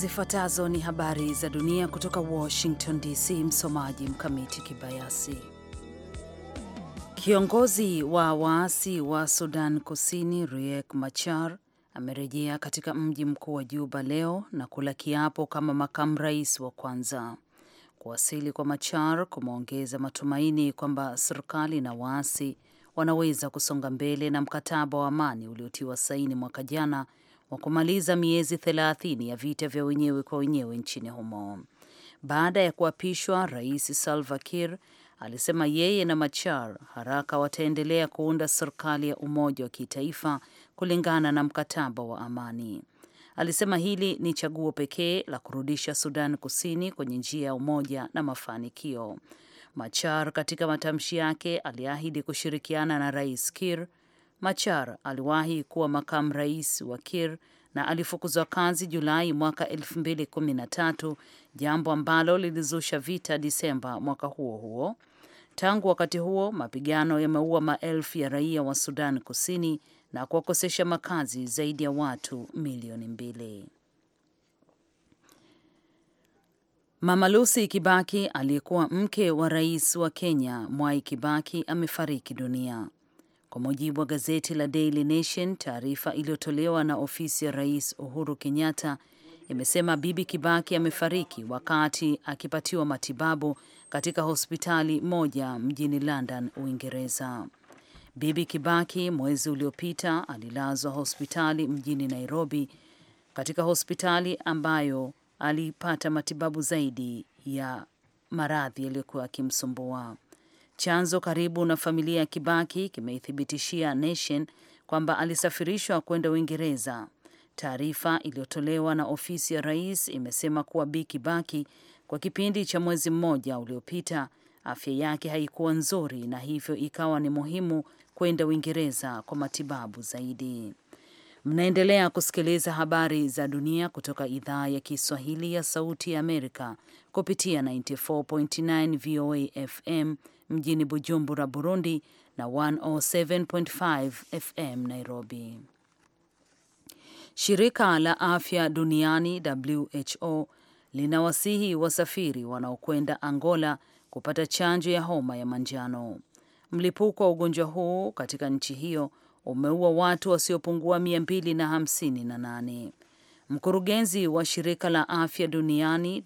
Zifuatazo ni habari za dunia kutoka Washington DC. Msomaji Mkamiti Kibayasi. Kiongozi wa waasi wa Sudan Kusini Riek Machar amerejea katika mji mkuu wa Juba leo na kula kiapo kama makamu rais wa kwanza. Kuwasili kwa Machar kumeongeza matumaini kwamba serikali na waasi wanaweza kusonga mbele na mkataba wa amani uliotiwa saini mwaka jana wa kumaliza miezi 30 ya vita vya wenyewe kwa wenyewe nchini humo. Baada ya kuapishwa, Rais Salva Kiir alisema yeye na Machar haraka wataendelea kuunda serikali ya umoja wa kitaifa kulingana na mkataba wa amani. Alisema hili ni chaguo pekee la kurudisha Sudan Kusini kwenye njia ya umoja na mafanikio. Machar katika matamshi yake aliahidi kushirikiana na Rais Kiir Machar aliwahi kuwa makamu rais wa Kir na alifukuzwa kazi Julai mwaka 2013, jambo ambalo lilizusha vita Disemba mwaka huo huo. Tangu wakati huo, mapigano yameua maelfu ya raia wa Sudan Kusini na kuwakosesha makazi zaidi ya watu milioni mbili. Mama Lucy Kibaki aliyekuwa mke wa rais wa Kenya Mwai Kibaki amefariki dunia. Kwa mujibu wa gazeti la Daily Nation, taarifa iliyotolewa na ofisi ya Rais Uhuru Kenyatta imesema Bibi Kibaki amefariki wakati akipatiwa matibabu katika hospitali moja mjini London, Uingereza. Bibi Kibaki mwezi uliopita alilazwa hospitali mjini Nairobi, katika hospitali ambayo alipata matibabu zaidi ya maradhi yaliyokuwa akimsumbua. Chanzo karibu na familia ya Kibaki kimeithibitishia Nation kwamba alisafirishwa kwenda Uingereza. Taarifa iliyotolewa na ofisi ya rais imesema kuwa Bi Kibaki kwa kipindi cha mwezi mmoja uliopita afya yake haikuwa nzuri na hivyo ikawa ni muhimu kwenda Uingereza kwa matibabu zaidi. Mnaendelea kusikiliza habari za dunia kutoka idhaa ya Kiswahili ya Sauti ya Amerika kupitia 94.9 VOA FM mjini Bujumbura, Burundi na 107.5 FM Nairobi. Shirika la Afya Duniani WHO linawasihi wasafiri wanaokwenda Angola kupata chanjo ya homa ya manjano. Mlipuko wa ugonjwa huu katika nchi hiyo umeua watu wasiopungua 258. Mkurugenzi wa shirika la afya duniani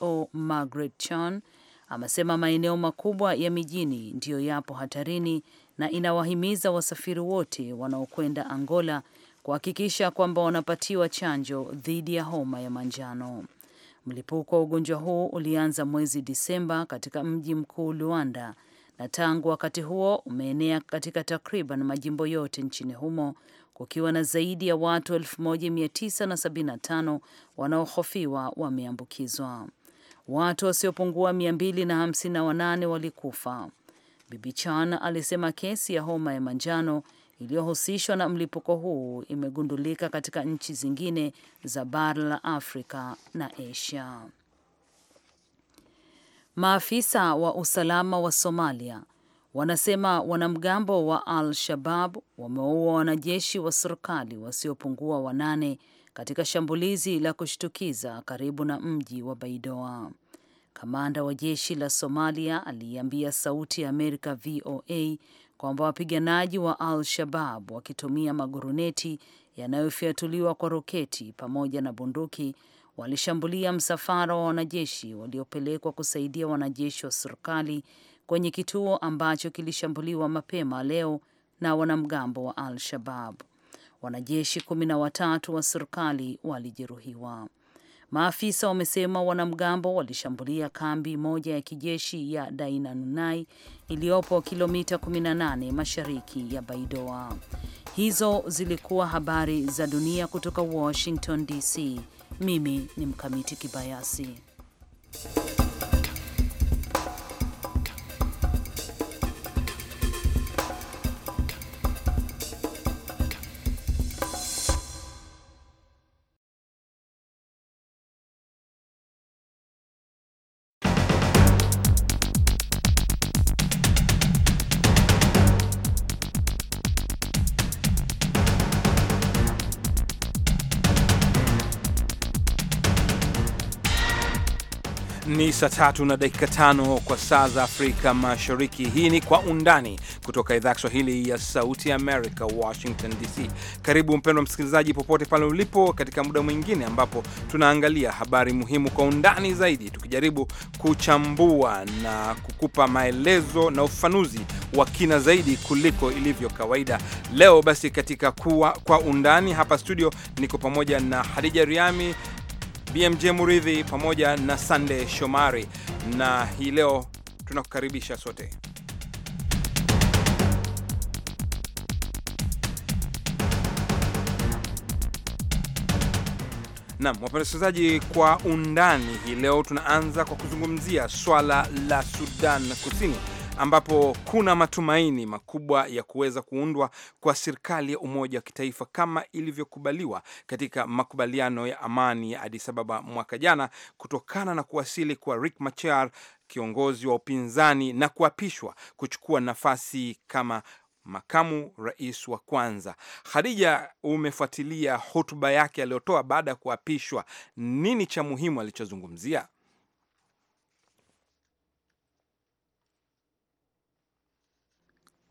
WHO Margaret Chan amesema maeneo makubwa ya mijini ndiyo yapo hatarini na inawahimiza wasafiri wote wanaokwenda Angola kuhakikisha kwamba wanapatiwa chanjo dhidi ya homa ya manjano. Mlipuko wa ugonjwa huu ulianza mwezi Disemba katika mji mkuu Luanda na tangu wakati huo umeenea katika takriban majimbo yote nchini humo kukiwa na zaidi ya watu 1975 wanaohofiwa wameambukizwa. Watu wasiopungua 258 walikufa. Bibi Chan alisema kesi ya homa ya manjano iliyohusishwa na mlipuko huu imegundulika katika nchi zingine za bara la Afrika na Asia. Maafisa wa usalama wa Somalia wanasema wanamgambo wa Al-Shabab wamewaua wanajeshi wa serikali wasiopungua wanane katika shambulizi la kushtukiza karibu na mji wa Baidoa. Kamanda wa jeshi la Somalia aliiambia Sauti ya Amerika VOA kwamba wapiganaji wa Al-Shabab wakitumia maguruneti yanayofyatuliwa kwa roketi pamoja na bunduki walishambulia msafara wa wanajeshi waliopelekwa kusaidia wanajeshi wa serikali kwenye kituo ambacho kilishambuliwa mapema leo na wanamgambo wa Al-Shabab. Wanajeshi kumi na watatu wa serikali walijeruhiwa. Maafisa wamesema wanamgambo walishambulia kambi moja ya kijeshi ya Dainanunai iliyopo kilomita 18 mashariki ya Baidoa. Hizo zilikuwa habari za dunia kutoka Washington DC. Mimi ni Mkamiti Kibayasi. Ni saa tatu na dakika tano kwa saa za Afrika Mashariki. Hii ni Kwa Undani kutoka idhaa ya Kiswahili ya Sauti america Washington DC. Karibu mpendwa msikilizaji, popote pale ulipo, katika muda mwingine ambapo tunaangalia habari muhimu kwa undani zaidi, tukijaribu kuchambua na kukupa maelezo na ufanuzi wa kina zaidi kuliko ilivyo kawaida. Leo basi katika kuwa Kwa Undani hapa studio, niko pamoja na Hadija Riami BMJ Muridhi pamoja na Sande Shomari, na hii leo tunakukaribisha sote Nam wapenda wasikilizaji, kwa undani hii leo tunaanza kwa kuzungumzia swala la Sudan Kusini ambapo kuna matumaini makubwa ya kuweza kuundwa kwa serikali ya umoja wa kitaifa kama ilivyokubaliwa katika makubaliano ya amani ya Addis Ababa mwaka jana kutokana na kuwasili kwa Riek Machar kiongozi wa upinzani na kuapishwa kuchukua nafasi kama makamu rais wa kwanza. Khadija, umefuatilia hotuba yake aliyotoa baada ya kuapishwa, nini cha muhimu alichozungumzia?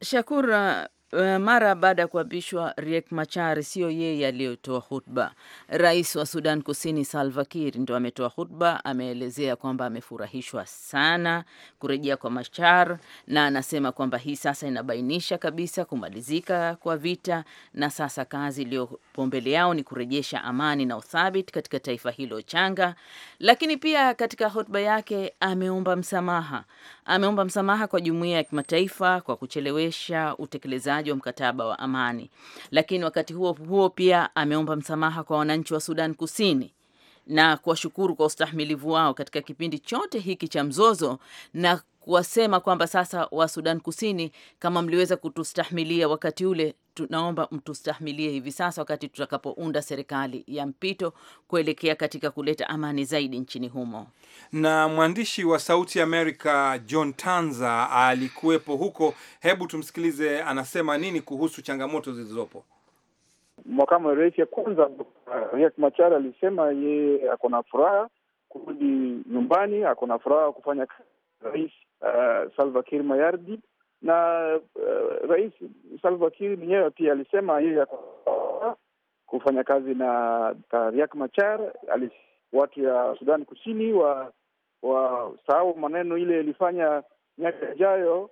shakur uh, uh, mara baada ya kuapishwa Riek Machar, siyo yeye aliyotoa hutba Rais wa Sudan Kusini Salva Kiir ndo ametoa hutba Ameelezea kwamba amefurahishwa sana kurejea kwa Machar, na anasema kwamba hii sasa inabainisha kabisa kumalizika kwa vita, na sasa kazi iliyopo mbele yao ni kurejesha amani na uthabiti katika taifa hilo changa. Lakini pia katika hotuba yake ameomba msamaha, ameomba msamaha kwa jumuiya ya kimataifa kwa kuchelewesha utekelezaji wa mkataba wa amani, lakini wakati huo huo pia ameomba msamaha kwa wananchi wa Sudan Kusini na kuwashukuru kwa ustahimilivu wao katika kipindi chote hiki cha mzozo na kuwasema kwamba sasa wa Sudan Kusini, kama mliweza kutustahmilia wakati ule, tunaomba mtustahmilie hivi sasa, wakati tutakapounda serikali ya mpito kuelekea katika kuleta amani zaidi nchini humo. Na mwandishi wa Sauti Amerika John Tanza alikuwepo huko. Hebu tumsikilize anasema nini kuhusu changamoto zilizopo. Makamu wa rais ya kwanza Riek Machar alisema yeye ako na furaha kurudi nyumbani, ako na furaha kufanya kazi Rais uh, Salva Kiir Mayardi na uh, Rais Salva Kiir mwenyewe pia alisema ya kufanya kazi na Riek Machar watu ya sudan Kusini wa maneno ile ilifanya miaka ijayo,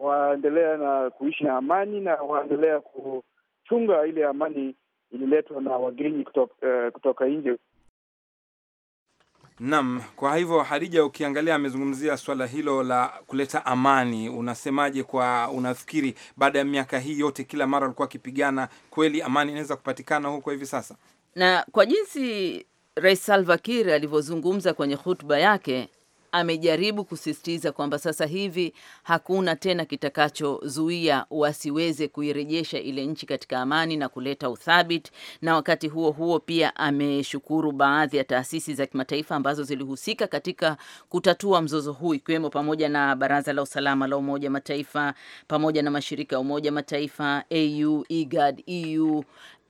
waendelea na kuishi na amani na waendelea kuchunga ile amani ililetwa na wageni kutoka, uh, eh, kutoka nje. Naam, kwa hivyo Hadija, ukiangalia amezungumzia swala hilo la kuleta amani, unasemaje? Kwa unafikiri baada ya miaka hii yote, kila mara alikuwa akipigana, kweli amani inaweza kupatikana huko hivi sasa? Na kwa jinsi Rais Salva Kiir alivyozungumza kwenye hotuba yake, amejaribu kusisitiza kwamba sasa hivi hakuna tena kitakachozuia wasiweze kuirejesha ile nchi katika amani na kuleta uthabiti. Na wakati huo huo pia ameshukuru baadhi ya taasisi za kimataifa ambazo zilihusika katika kutatua mzozo huu ikiwemo pamoja na Baraza la Usalama la Umoja Mataifa pamoja na mashirika ya Umoja Mataifa, AU, IGAD, EU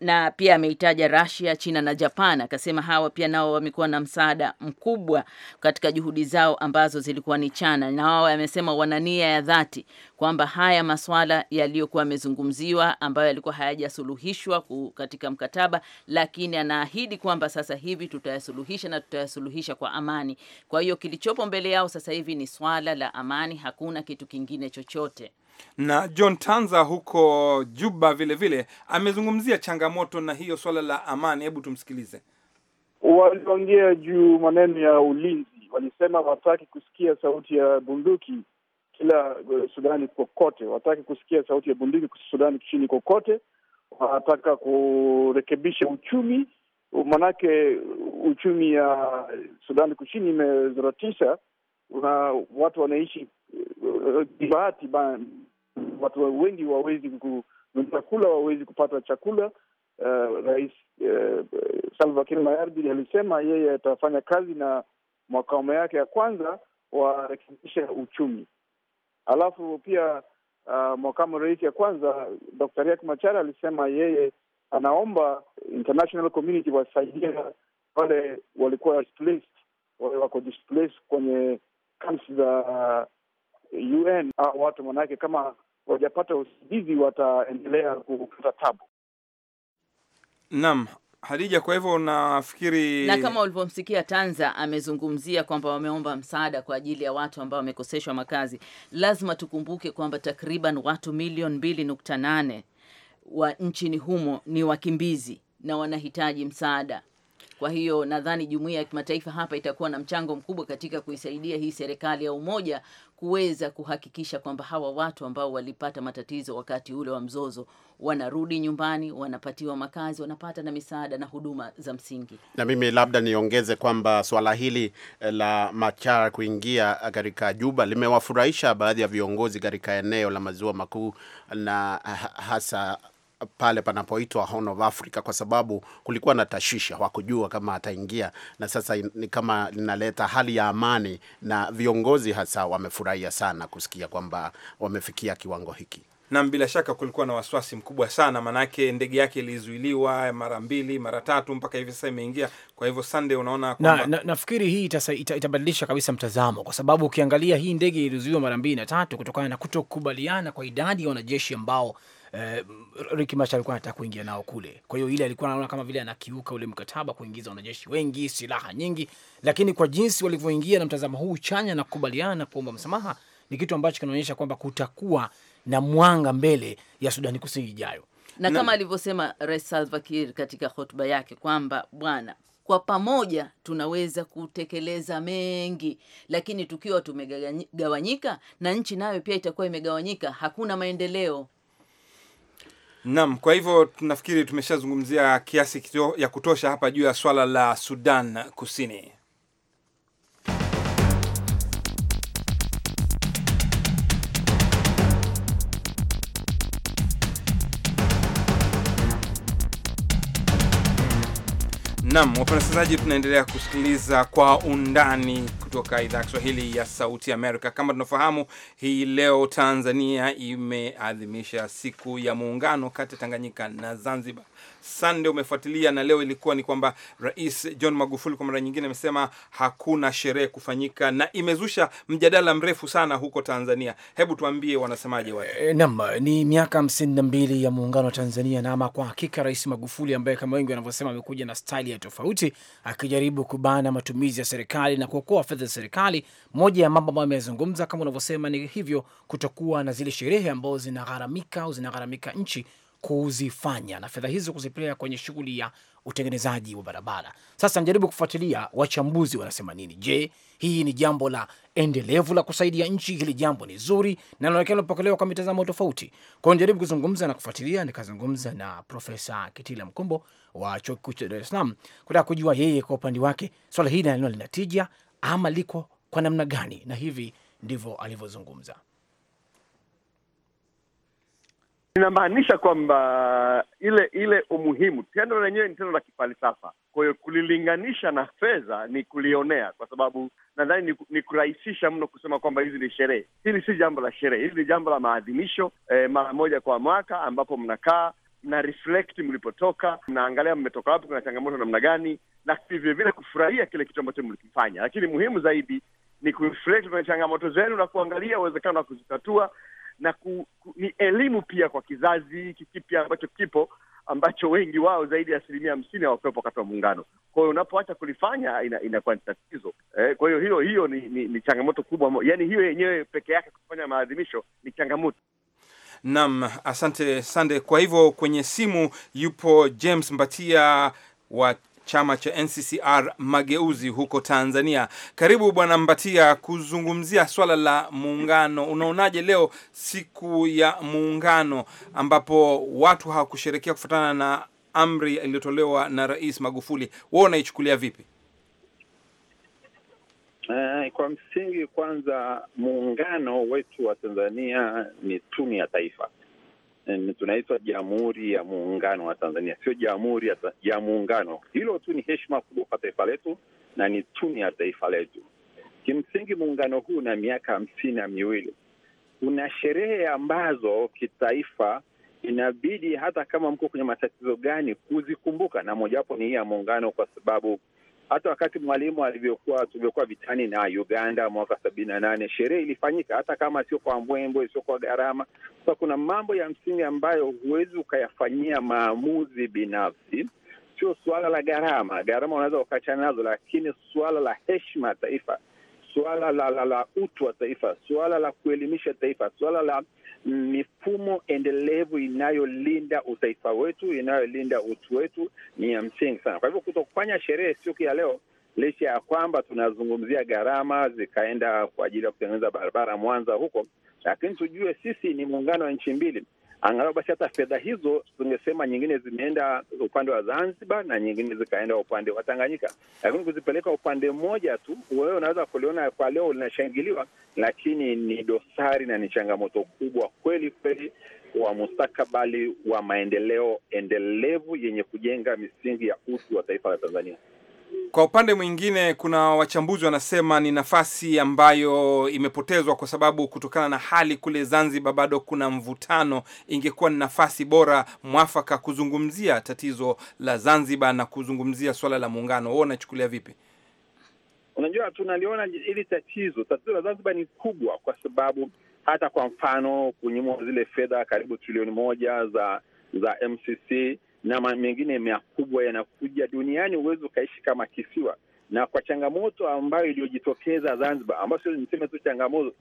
na pia ameitaja Russia, China na Japan, akasema hawa pia nao wamekuwa na msaada mkubwa katika juhudi zao ambazo zilikuwa ni chana, na wao amesema wana nia ya dhati kwamba haya masuala yaliyokuwa yamezungumziwa ambayo yalikuwa hayajasuluhishwa katika mkataba, lakini anaahidi kwamba sasa hivi tutayasuluhisha na tutayasuluhisha kwa amani. Kwa hiyo kilichopo mbele yao sasa hivi ni swala la amani, hakuna kitu kingine chochote na John Tanza huko Juba vilevile vile, amezungumzia changamoto na hiyo swala la amani. Hebu tumsikilize. Waliongea juu maneno ya ulinzi, walisema wataki kusikia sauti ya bunduki kila eh, Sudani kokote, wataki kusikia sauti ya bunduki Sudani chini kokote. Wanataka kurekebisha uchumi, manake eh, uchumi ya Sudani Kusini imezoratisha na watu wanaishi eh, bahati watu wengi wawezi kununua kula, wawezi kupata chakula. Uh, Rais uh, Salva Kiir Mayardit alisema yeye atafanya kazi na makao yake ya kwanza warekebisha uchumi. Alafu pia uh, makamu rais ya kwanza Dr. Riek Machar alisema yeye anaomba international community wasaidia wale walikuwa displaced, wale wako displaced kwenye camps za UN au watu manake kama wajapata usaidizi wataendelea kupata tabu. Naam. Hadija, kwa hivyo nafikiri, na kama ulivyomsikia Tanza amezungumzia kwamba wameomba msaada kwa ajili ya watu ambao wamekoseshwa makazi, lazima tukumbuke kwamba takriban watu milioni mbili nukta nane wa nchini humo ni wakimbizi na wanahitaji msaada. Kwa hiyo nadhani jumuiya ya kimataifa hapa itakuwa na mchango mkubwa katika kuisaidia hii serikali ya umoja kuweza kuhakikisha kwamba hawa watu ambao walipata matatizo wakati ule wa mzozo wanarudi nyumbani, wanapatiwa makazi, wanapata na misaada na huduma za msingi. Na mimi labda niongeze kwamba swala hili eh, la Machar kuingia eh, katika Juba limewafurahisha baadhi ya viongozi katika eneo la maziwa makuu na eh, hasa pale panapoitwa Horn of Africa, kwa sababu kulikuwa na tashwishi, hawakujua kama ataingia, na sasa ni kama linaleta hali ya amani, na viongozi hasa wamefurahia sana kusikia kwamba wamefikia kiwango hiki nam bila shaka kulikuwa na wasiwasi mkubwa sana, maanake ndege yake ilizuiliwa mara mbili mara tatu, mpaka hivi sasa imeingia. Kwa hivyo Sunday, unaona na, na, nafikiri hii ita, itabadilisha kabisa mtazamo, kwa sababu ukiangalia hii ndege ilizuiliwa mara mbili na tatu kutokana na kutokubaliana kwa idadi ya wanajeshi ambao eh, Rick Machar alikuwa anataka kuingia nao kule. Kwa hiyo ile alikuwa anaona kama vile anakiuka ule mkataba kuingiza wanajeshi wengi, silaha nyingi, lakini kwa jinsi walivyoingia na mtazamo huu chanya na kukubaliana na kuomba msamaha ni kitu ambacho kinaonyesha kwamba kutakuwa na mwanga mbele ya Sudani Kusini ijayo, na kama alivyosema Rais Salva Kiir katika hotuba yake kwamba bwana kwa pamoja tunaweza kutekeleza mengi, lakini tukiwa tumegawanyika na nchi nayo pia itakuwa imegawanyika, hakuna maendeleo. Naam, kwa hivyo tunafikiri tumeshazungumzia kiasi ya kutosha hapa juu ya swala la Sudan Kusini. nam wapenzi tunaendelea kusikiliza kwa undani kutoka idhaa ya Kiswahili ya Sauti Amerika. Kama tunafahamu, hii leo Tanzania imeadhimisha siku ya muungano kati ya Tanganyika na Zanzibar. Sande umefuatilia, na leo ilikuwa ni kwamba Rais John Magufuli kwa mara nyingine amesema hakuna sherehe kufanyika, na imezusha mjadala mrefu sana huko Tanzania. Hebu tuambie wanasemaje watu. E, eh, eh, nam ni miaka hamsini na mbili ya muungano wa Tanzania, na ama kwa hakika Rais Magufuli ambaye kama wengi wanavyosema amekuja na staili ya tofauti, akijaribu kubana matumizi ya serikali na kuokoa fedha za serikali. Moja ya mambo ambayo amezungumza kama unavyosema ni hivyo, kutokuwa na zile sherehe ambazo zinagharamika au zinagharamika nchi kuzifanya na fedha hizo kuzipeleka kwenye shughuli ya utengenezaji wa barabara. Sasa mjaribu kufuatilia wachambuzi wanasema nini. Je, hii ni jambo la endelevu la kusaidia nchi? Hili jambo ni zuri na linaonekana lipokelewa kwa mitazamo tofauti. Kwa hiyo njaribu kuzungumza na kufuatilia. Nikazungumza na Profesa Kitila Mkumbo wa Chuo Kikuu cha Dar es Salaam kutaka kujua yeye kwa upande wake swala hili nalo linatija ama liko kwa namna gani, na hivi ndivyo alivyozungumza. Inamaanisha kwamba ile ile umuhimu, tendo lenyewe ni tendo la kifalsafa. Kwa hiyo kulilinganisha na fedha ni kulionea, kwa sababu nadhani ni, ni kurahisisha mno kusema kwamba hizi ni sherehe. Hili si jambo la sherehe, hili ni jambo la maadhimisho eh, mara moja kwa mwaka ambapo mnakaa mna reflect mlipotoka, mnaangalia mmetoka wapi, kuna changamoto namna gani, lakini vilevile kufurahia kile kitu ambacho mlikifanya. Lakini muhimu zaidi ni kureflect kwenye changamoto zenu na kuangalia uwezekano wa kuzitatua na ku, ku, ni elimu pia kwa kizazi hiki kipya ambacho kipo ambacho wengi wao zaidi ya asilimia hamsini hawakuwepo wakati wa muungano. Kwa hiyo unapoacha kulifanya inakuwa ina ni tatizo eh. Kwa hiyo hiyo hiyo ni, ni, ni changamoto kubwa, yani hiyo yenyewe peke yake kufanya maadhimisho ni changamoto. nam asante sande. Kwa hivyo kwenye simu yupo James Mbatia wa chama cha NCCR Mageuzi huko Tanzania. Karibu Bwana Mbatia kuzungumzia swala la muungano. Unaonaje leo siku ya muungano ambapo watu hawakusherekea kufuatana na amri iliyotolewa na Rais Magufuli, wewe unaichukulia vipi? Uh, kwa msingi kwanza muungano wetu wa Tanzania ni tunu ya taifa Eh, tunaitwa Jamhuri ya Muungano wa Tanzania, sio Jamhuri ya, ya Muungano. Hilo tu ni heshima kubwa kwa taifa letu na ni tunu ya taifa letu. Kimsingi, muungano huu na miaka hamsini na miwili kuna sherehe ambazo kitaifa inabidi hata kama mko kwenye matatizo gani kuzikumbuka, na mojawapo ni hii ya muungano, kwa sababu hata wakati mwalimu alivyokuwa tulivyokuwa vitani na Uganda mwaka sabini na nane sherehe ilifanyika, hata kama sio kwa mbwembwe, sio kwa gharama. Sasa kuna mambo ya msingi ambayo huwezi ukayafanyia maamuzi binafsi. Sio suala la gharama, gharama unaweza ukaachana nazo, lakini suala la heshima ya taifa, suala la, la, la utu wa taifa, suala la kuelimisha taifa, suala la mifumo endelevu inayolinda utaifa wetu, inayolinda utu wetu ni ya msingi sana. Kwa hivyo kutokufanya sherehe siku ya leo licha ya kwamba tunazungumzia gharama zikaenda kwa ajili ya kutengeneza barabara Mwanza huko, lakini tujue sisi ni muungano wa nchi mbili. Angalau basi hata fedha hizo tungesema nyingine zimeenda upande wa Zanzibar na nyingine zikaenda upande wa Tanganyika, lakini kuzipeleka upande mmoja tu, wewe unaweza kuliona kwa leo linashangiliwa, lakini ni dosari na ni changamoto kubwa kweli kweli wa mustakabali wa maendeleo endelevu yenye kujenga misingi ya utu wa taifa la Tanzania. Kwa upande mwingine kuna wachambuzi wanasema ni nafasi ambayo imepotezwa kwa sababu kutokana na hali kule Zanzibar bado kuna mvutano. Ingekuwa ni nafasi bora mwafaka kuzungumzia tatizo la Zanzibar na kuzungumzia swala la muungano. Wewe unachukulia vipi? Unajua, tunaliona hili tatizo, tatizo la Zanzibar ni kubwa, kwa sababu hata kwa mfano kunyimwa zile fedha karibu trilioni moja za za MCC na mengine makubwa yanakuja duniani, huwezi ukaishi kama kisiwa. Na kwa changamoto ambayo iliyojitokeza Zanzibar, ambayo sio niseme tu changamoto,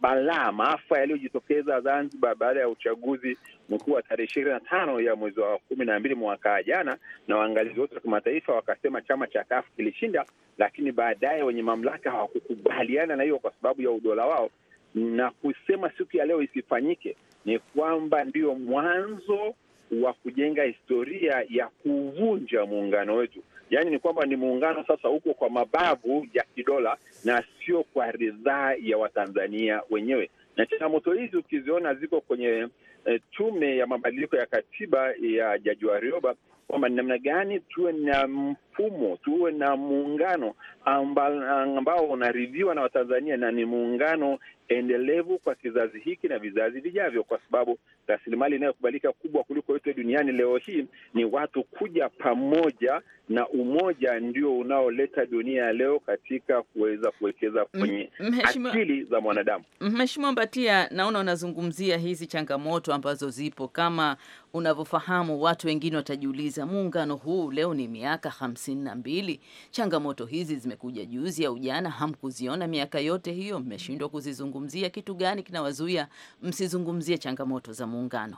balaa, maafa yaliyojitokeza Zanzibar baada ya uchaguzi mkuu wa tarehe ishirini na tano ya mwezi wa kumi na mbili mwaka jana, na waangalizi wote wa kimataifa wakasema chama cha kafu kilishinda, lakini baadaye wenye mamlaka hawakukubaliana na hiyo kwa sababu ya udola wao na kusema siku ya leo isifanyike, ni kwamba ndiyo mwanzo wa kujenga historia ya kuvunja muungano wetu. Yaani ni kwamba ni muungano sasa uko kwa mabavu ya kidola na sio kwa ridhaa ya Watanzania wenyewe, na changamoto hizi ukiziona ziko kwenye e, tume ya mabadiliko ya katiba ya Jaji Warioba kwamba ni namna gani tuwe na mfumo tuwe na muungano ambao unaridhiwa na Watanzania na ni muungano endelevu kwa kizazi hiki na vizazi vijavyo, kwa sababu rasilimali inayokubalika kubwa kuliko yote duniani leo hii ni watu kuja pamoja, na umoja ndio unaoleta dunia ya leo katika kuweza kuwekeza kwenye akili za mwanadamu. Mheshimiwa Mbatia, naona unazungumzia hizi changamoto ambazo zipo. Kama unavyofahamu, watu wengine watajiuliza muungano huu leo ni miaka hamsini na mbili, changamoto hizi zime amekuja juzi au jana, hamkuziona miaka yote hiyo, mmeshindwa kuzizungumzia. Kitu gani kinawazuia msizungumzie changamoto za muungano?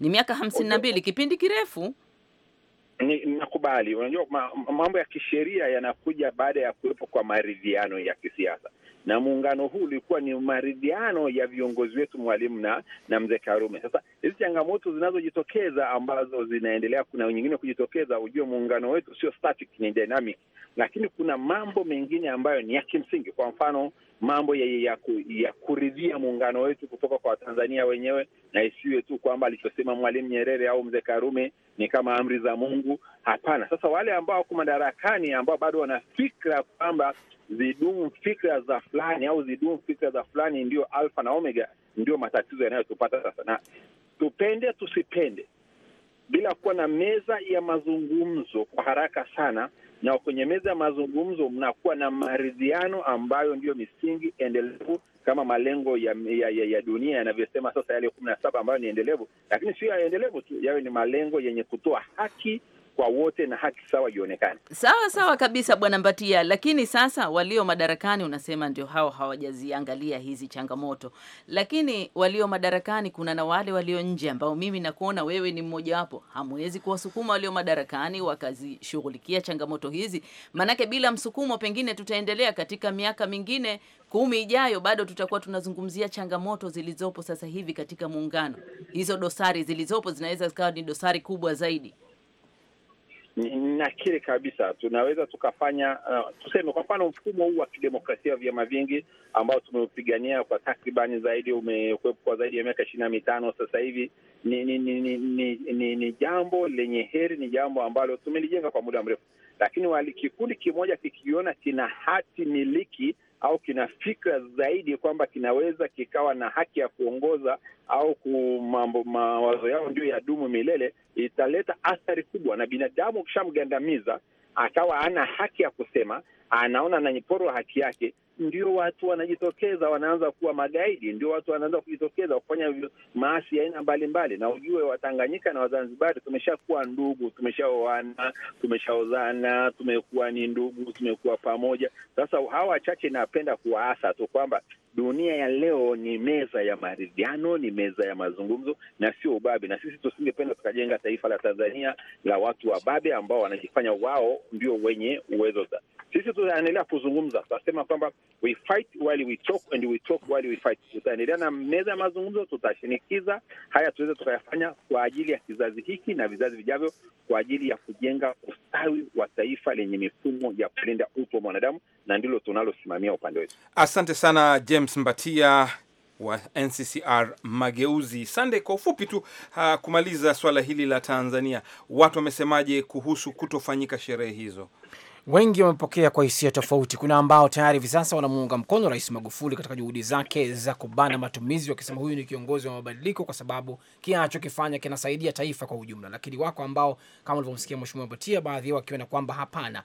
Ni miaka hamsini na mbili, kipindi kirefu. Ninakubali. Unajua, mambo ya kisheria yanakuja baada ya kuwepo kwa maridhiano ya kisiasa, na muungano huu ulikuwa ni maridhiano ya viongozi wetu Mwalimu na na Mzee Karume. Sasa hizi changamoto zinazojitokeza ambazo zinaendelea, kuna nyingine kujitokeza. ujue muungano wetu sio static, ni dynamic, lakini kuna mambo mengine ambayo ni ya kimsingi, kwa mfano mambo ya, ya, ya kuridhia muungano wetu kutoka kwa Watanzania wenyewe, na isiwe tu kwamba alichosema Mwalimu Nyerere au Mzee Karume ni kama amri za Mungu? Hapana. Sasa wale ambao wako madarakani, ambao bado wana fikra kwamba zidumu fikra za fulani au zidumu fikra za fulani ndio alfa na omega, ndio matatizo yanayotupata sasa, na tupende tusipende, bila kuwa na meza ya mazungumzo kwa haraka sana, na kwenye meza ya mazungumzo mnakuwa na maridhiano ambayo ndiyo misingi endelevu kama malengo ya, ya, ya, ya dunia yanavyosema sasa, yale kumi na saba ambayo ni endelevu, lakini sio yaendelevu tu, yawe ni malengo yenye kutoa haki kwa wote na haki sawa ionekane. Sawa sawa kabisa, Bwana Mbatia. Lakini sasa walio madarakani unasema ndio hao hawajaziangalia hizi changamoto, lakini walio madarakani kuna na wale walio nje ambao mimi nakuona wewe ni mmojawapo. Hamwezi kuwasukuma walio madarakani wakazishughulikia changamoto hizi, manake bila msukumo pengine tutaendelea katika miaka mingine kumi ijayo, bado tutakuwa tunazungumzia changamoto zilizopo sasa hivi katika muungano. Hizo dosari zilizopo zinaweza zikawa ni dosari kubwa zaidi nakiri kabisa, tunaweza tukafanya uh, tuseme kwa mfano mfumo huu wa kidemokrasia wa vyama vingi ambao tumeupigania kwa takribani zaidi umekuwepo kwa zaidi ya miaka ishirini na mitano sasa hivi ni ni, ni, ni, ni, ni ni jambo lenye heri, ni jambo ambalo tumelijenga kwa muda mrefu, lakini kikundi kimoja kikiona kina hati miliki au kina fikra zaidi kwamba kinaweza kikawa na haki ya kuongoza au kumambo mawazo yao ndio ya dumu milele, italeta athari kubwa. Na binadamu ukishamgandamiza akawa ana haki ya kusema, anaona ananyeporwa haki yake, ndio watu wanajitokeza, wanaanza kuwa magaidi, ndio watu wanaanza kujitokeza kufanya maasi ya aina mbalimbali. Na ujue Watanganyika na Wazanzibari tumeshakuwa ndugu, tumeshaoana, tumeshaozana, tumekuwa ni ndugu, tumekuwa pamoja. Sasa hawa wachache napenda kuwaasa tu kwamba dunia ya leo ni meza ya maridhiano, ni meza ya mazungumzo na sio ubabe. Na sisi tusingependa tukajenga taifa la Tanzania la watu wababe ambao wanajifanya wao ndio wenye uwezo. Sisi Mchezo anaendelea kuzungumza, tunasema kwamba we fight while we talk and we talk while we fight. Tutaendelea na meza ya mazungumzo, tutashinikiza haya tuweze tukayafanya kwa ajili ya kizazi hiki na vizazi vijavyo, kwa ajili ya kujenga ustawi wa taifa lenye mifumo ya kulinda utu wa mwanadamu, na ndilo tunalosimamia upande wetu. Asante sana James Mbatia wa NCCR Mageuzi. Sande, kwa ufupi tu ha, kumaliza swala hili la Tanzania, watu wamesemaje kuhusu kutofanyika sherehe hizo? wengi wamepokea kwa hisia tofauti. Kuna ambao tayari hivi sasa wanamuunga mkono Rais Magufuli katika juhudi zake za kubana matumizi, wakisema huyu ni kiongozi wa mabadiliko kwa sababu kile anachokifanya kinasaidia taifa kwa ujumla, lakini wako ambao kama ulivyomsikia Mheshimiwa Batia, baadhi yao wakiona kwamba hapana,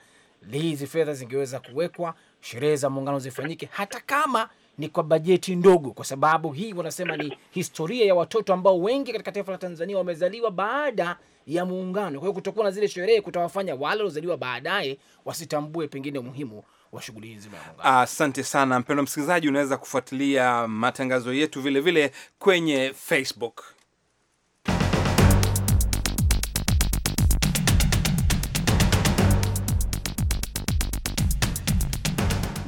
hizi fedha zingeweza kuwekwa, sherehe za muungano zifanyike hata kama ni kwa bajeti ndogo, kwa sababu hii wanasema ni historia ya watoto ambao wengi katika taifa la Tanzania wamezaliwa baada ya muungano. Kwa hiyo kutokuwa na zile sherehe kutawafanya wale waliozaliwa baadaye wasitambue pengine umuhimu wa shughuli nzima Asante sana mpendwa msikilizaji, unaweza kufuatilia matangazo yetu vilevile vile kwenye Facebook.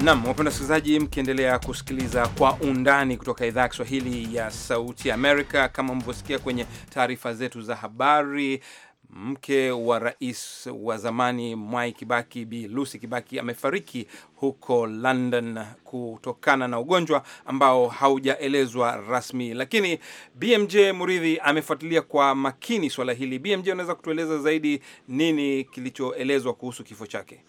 Nam wapenda wasikilizaji, mkiendelea kusikiliza kwa undani kutoka idhaa ya Kiswahili ya Sauti Amerika. Kama mlivyosikia kwenye taarifa zetu za habari, mke wa rais wa zamani Mwai Kibaki, Bi Lucy Kibaki amefariki huko London kutokana na ugonjwa ambao haujaelezwa rasmi, lakini BMJ Muridhi amefuatilia kwa makini swala hili. BMJ, unaweza kutueleza zaidi nini kilichoelezwa kuhusu kifo chake?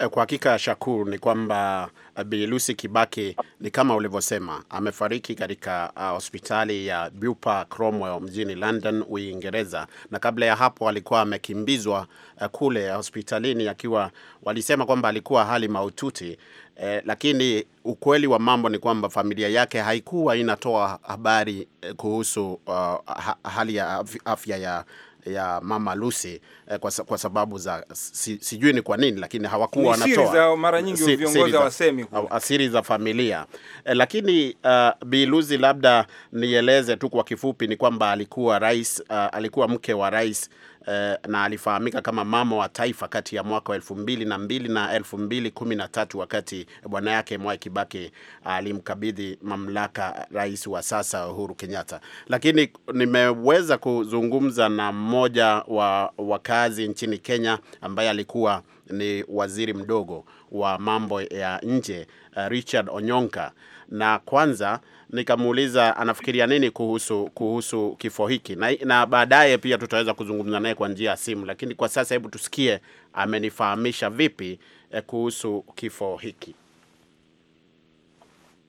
Eh, kwa hakika Shakur, ni kwamba eh, Bi Lucy Kibaki ni kama ulivyosema, amefariki katika uh, hospitali ya Bupa Cromwell mjini London, Uingereza, na kabla ya hapo alikuwa amekimbizwa uh, kule hospitalini akiwa, walisema kwamba alikuwa hali mahututi eh, lakini ukweli wa mambo ni kwamba familia yake haikuwa inatoa habari kuhusu uh, hali ya afya ya ya Mama Lucy eh, kwa, kwa sababu za si, sijui ni kwa nini, lakini hawakuwa wanatoa mara nyingi si, viongozi hawasemi asiri za familia eh, lakini uh, Bi Lucy, labda nieleze tu kwa kifupi ni kwamba alikuwa rais uh, alikuwa mke wa rais Eh, na alifahamika kama mama wa taifa kati ya mwaka wa elfu mbili na mbili na elfu mbili kumi na tatu wakati bwana yake Mwai Kibaki alimkabidhi mamlaka rais wa sasa Uhuru Kenyatta. Lakini nimeweza kuzungumza na mmoja wa wakazi nchini Kenya ambaye alikuwa ni waziri mdogo wa mambo ya nje uh, Richard Onyonka, na kwanza nikamuuliza anafikiria nini kuhusu kuhusu kifo hiki na, na baadaye pia tutaweza kuzungumza naye kwa njia ya simu, lakini kwa sasa hebu tusikie amenifahamisha vipi eh, kuhusu kifo hiki.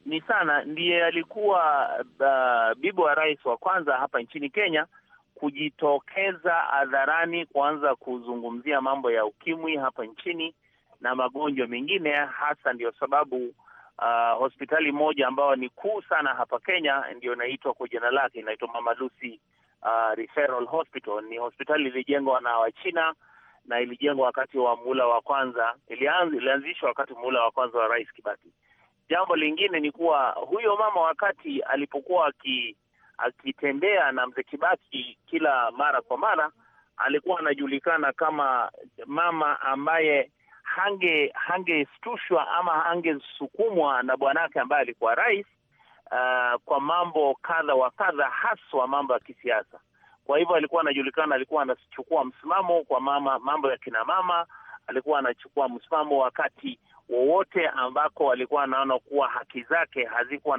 Ni sana ndiye alikuwa uh, eh, bibi wa rais wa kwanza hapa nchini Kenya kujitokeza hadharani kuanza kuzungumzia mambo ya ukimwi hapa nchini na magonjwa mengine. Hasa ndio sababu uh, hospitali moja ambayo ni kuu sana hapa Kenya ndio inaitwa kwa jina lake, inaitwa Mama Lucy uh, Referral Hospital. Ni hospitali ilijengwa na Wachina na ilijengwa wakati wa muhula wa kwanza, ilianzishwa wakati muhula wa kwanza wa Rais kibati Jambo lingine ni kuwa huyo mama wakati alipokuwa aki akitembea na mzee Kibaki kila mara kwa mara, alikuwa anajulikana kama mama ambaye hange hangestushwa ama hangesukumwa na bwanake ambaye alikuwa rais uh, kwa mambo kadha wa kadha, haswa mambo ya kisiasa. Kwa hivyo alikuwa anajulikana, alikuwa anachukua msimamo kwa mama, mambo ya kina mama, alikuwa anachukua msimamo wakati wowote ambako alikuwa anaona kuwa haki zake hazikuwa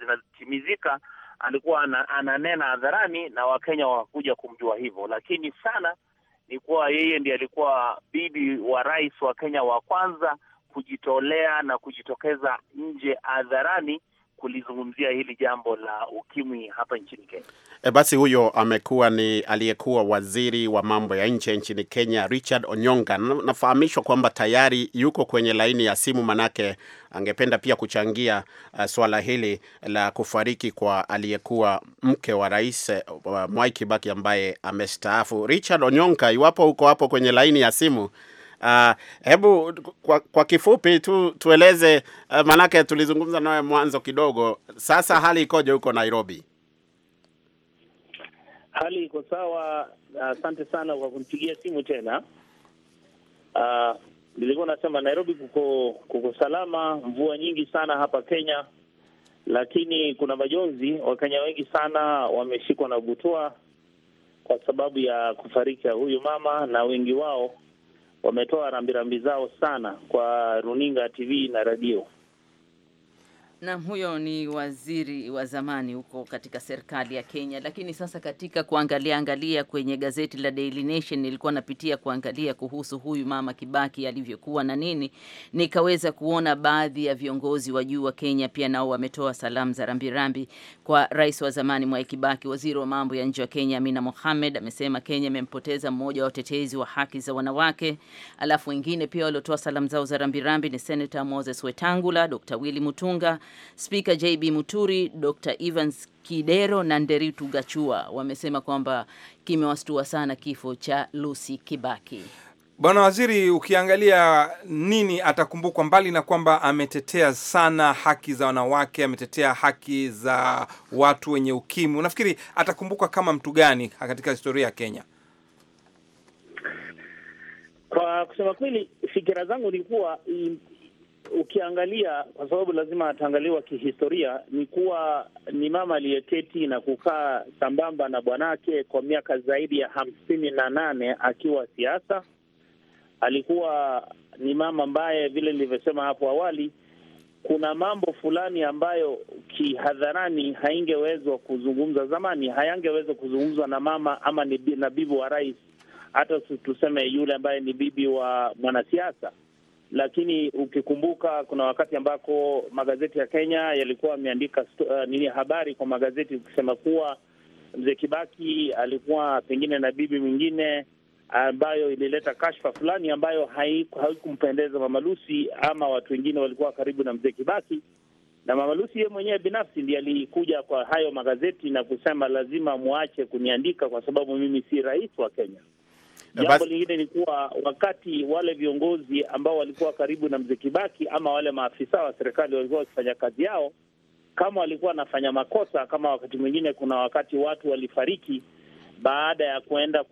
zinatimizika alikuwa ananena hadharani na Wakenya wakuja kumjua hivyo, lakini sana ni kuwa yeye ndiye alikuwa bibi wa rais wa Kenya wa kwanza kujitolea na kujitokeza nje hadharani kulizungumzia hili jambo la ukimwi hapa nchini Kenya. E, basi huyo amekuwa ni aliyekuwa waziri wa mambo ya nje nchini Kenya Richard Onyonga. Nafahamishwa kwamba tayari yuko kwenye laini ya simu, manake angependa pia kuchangia uh, swala hili la kufariki kwa aliyekuwa mke wa rais uh, Mwai Kibaki ambaye amestaafu. Richard Onyonga, iwapo uko hapo kwenye laini ya simu Uh, hebu kwa, kwa kifupi tu tueleze uh, eh, maanake tulizungumza nawe mwanzo kidogo. Sasa hali ikoje huko Nairobi? Hali iko sawa, asante uh, sana kwa kunipigia simu tena. Uh, nilikuwa nasema Nairobi kuko kuko salama, mvua nyingi sana hapa Kenya, lakini kuna majonzi. Wakenya wengi sana wameshikwa na butwa kwa sababu ya kufariki huyu mama, na wengi wao wametoa rambirambi zao sana kwa runinga, TV na radio. Naam, huyo ni waziri wa zamani huko katika serikali ya Kenya. Lakini sasa katika kuangalia angalia kwenye gazeti la Daily Nation, nilikuwa napitia kuangalia kuhusu huyu mama Kibaki alivyokuwa na nini, nikaweza kuona baadhi ya viongozi wa juu wa Kenya pia nao wametoa salamu za rambirambi kwa rais wa zamani Mwai Kibaki. Waziri wa mambo ya nje wa Kenya Amina Mohamed amesema Kenya imempoteza mmoja wa watetezi wa haki za wanawake. Alafu wengine pia waliotoa salamu zao za rambirambi ni Senator Moses Wetangula, Dr. Willy Mutunga Spika JB Muturi, Dr. Evans Kidero na Nderitu Gachua wamesema kwamba kimewastua sana kifo cha Lucy Kibaki. Bwana Waziri, ukiangalia nini atakumbukwa mbali na kwamba ametetea sana haki za wanawake, ametetea haki za watu wenye ukimwi, unafikiri atakumbukwa kama mtu gani katika historia ya Kenya? Kwa kusema kweli, fikira zangu ni kuwa ukiangalia kwa sababu lazima ataangaliwa kihistoria, ni kuwa ni mama aliyeketi na kukaa sambamba na bwanake kwa miaka zaidi ya hamsini na nane akiwa siasa. Alikuwa ni mama ambaye, vile nilivyosema hapo awali, kuna mambo fulani ambayo kihadharani haingewezwa kuzungumza zamani, hayangewezwa kuzungumzwa na mama ama ni na bibi wa rais, hata tuseme yule ambaye ni bibi wa mwanasiasa lakini ukikumbuka kuna wakati ambako magazeti ya Kenya yalikuwa ameandika uh, nini habari kwa magazeti ukisema kuwa mzee Kibaki alikuwa pengine na bibi mwingine ambayo ilileta kashfa fulani ambayo haikumpendeza Mama Lucy ama watu wengine walikuwa karibu na mzee Kibaki, na Mama Lucy yeye mwenyewe binafsi ndiye alikuja kwa hayo magazeti na kusema lazima mwache kuniandika kwa sababu mimi si rais wa Kenya. Eh, jambo lingine ni kuwa wakati wale viongozi ambao walikuwa karibu na mzee Kibaki ama wale maafisa wa serikali walikuwa wakifanya kazi yao, kama walikuwa wanafanya makosa, kama wakati mwingine, kuna wakati watu walifariki baada ya kuenda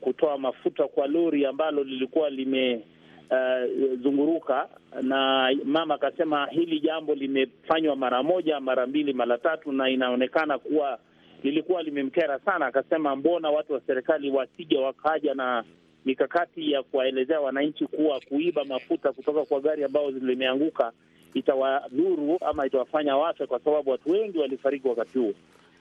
kutoa mafuta kwa lori ambalo lilikuwa limezunguruka, eh, uh, na mama akasema hili jambo limefanywa mara moja, mara mbili, mara tatu, na inaonekana kuwa lilikuwa limemkera sana. Akasema mbona watu wa serikali wasija wakaja na mikakati ya kuwaelezea wananchi kuwa kuiba mafuta kutoka kwa gari ambayo limeanguka itawadhuru ama itawafanya wafe, kwa sababu watu wengi walifariki wakati huo.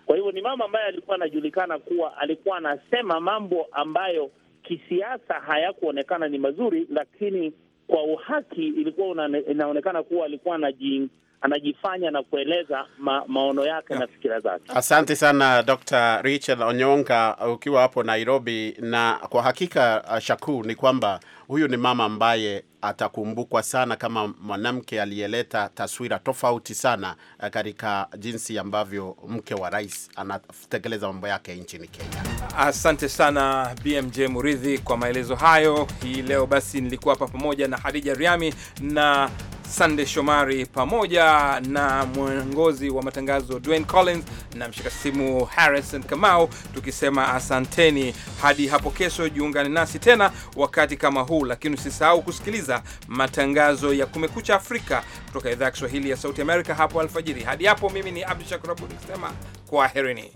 Kwa hivyo ni mama ambaye alikuwa anajulikana kuwa alikuwa anasema mambo ambayo kisiasa hayakuonekana ni mazuri, lakini kwa uhaki ilikuwa una, inaonekana kuwa alikuwa anaji anajifanya na kueleza ma, maono yake na fikira zake. Asante sana Dr. Richard onyonga ukiwa hapo Nairobi, na kwa hakika uh, Shakur, ni kwamba huyu ni mama ambaye atakumbukwa sana kama mwanamke aliyeleta taswira tofauti sana uh, katika jinsi ambavyo mke wa rais anatekeleza mambo yake nchini Kenya. Asante sana BMJ Muridhi kwa maelezo hayo. Hii leo basi nilikuwa hapa pamoja na Hadija Riami na Sande Shomari pamoja na mwongozi wa matangazo Dwayne Collins na mshika simu Harrison Kamau, tukisema asanteni hadi hapo kesho. Jiungane nasi tena wakati kama huu, lakini usisahau kusikiliza matangazo ya Kumekucha Afrika kutoka idhaa ya Kiswahili ya Sauti Amerika hapo alfajiri. Hadi hapo, mimi ni Abdu Shakur Abud nikisema kwaherini.